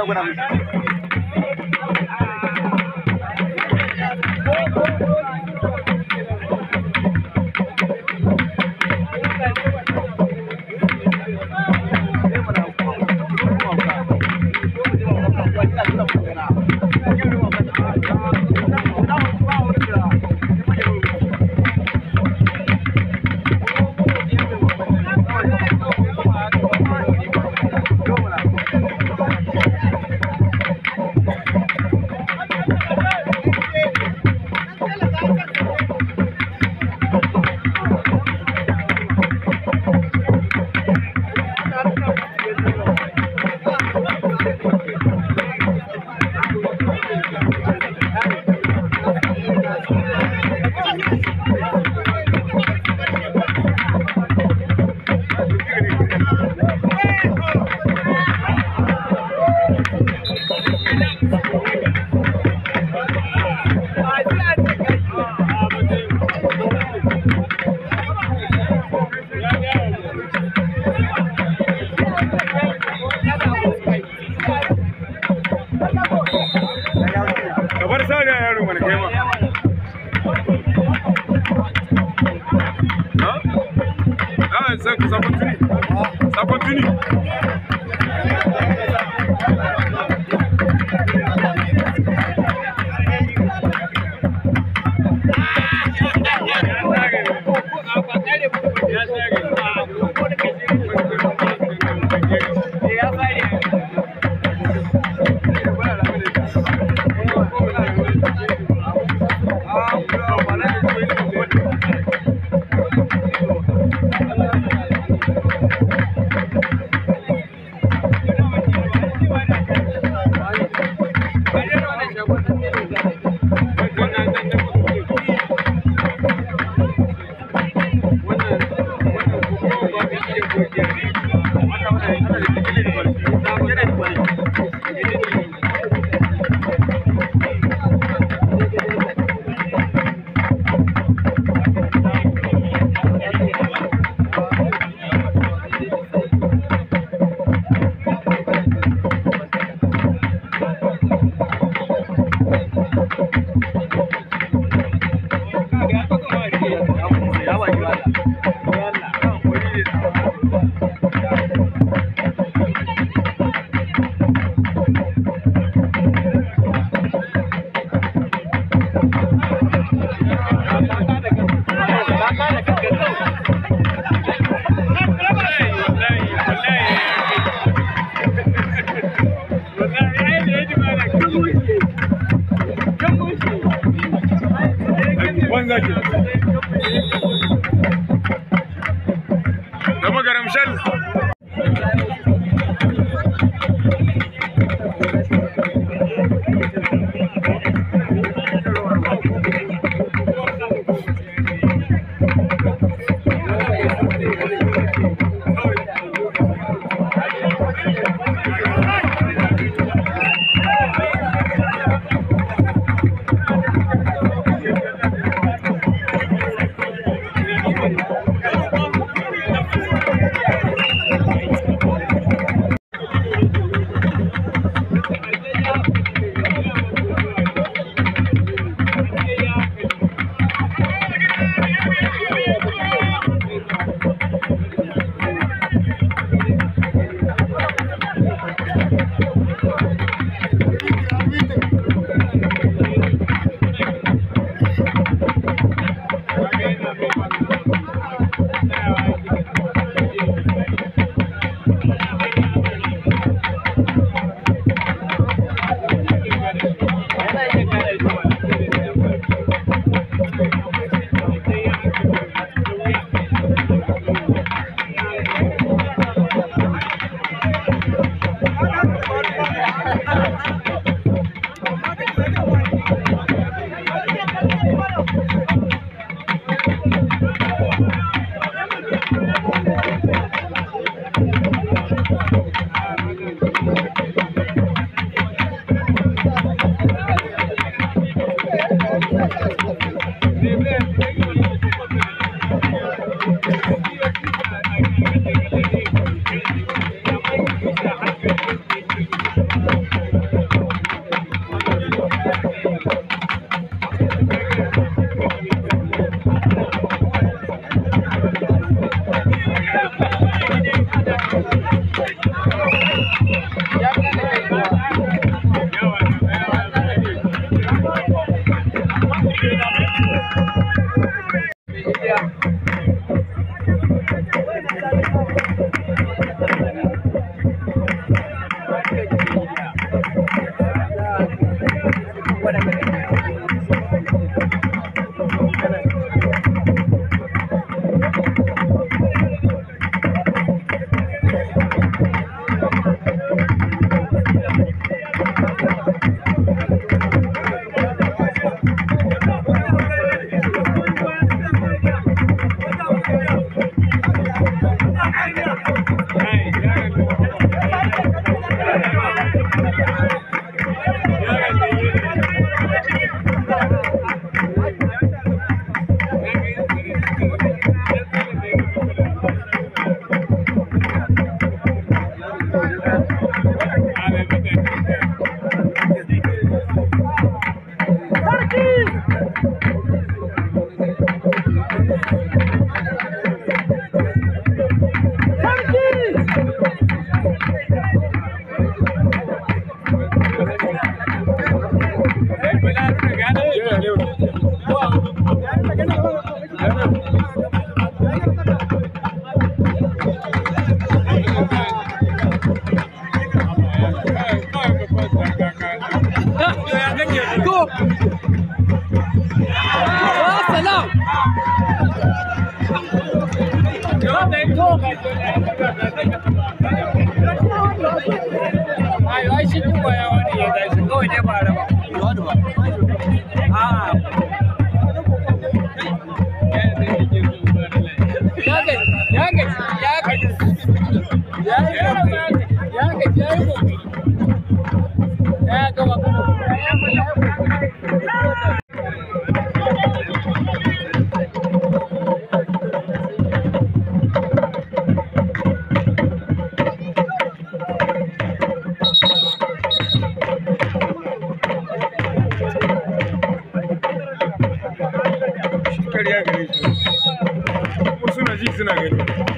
하려고 합니다. sa da yaro mana kai Wow, Thank you. Thank una guerra.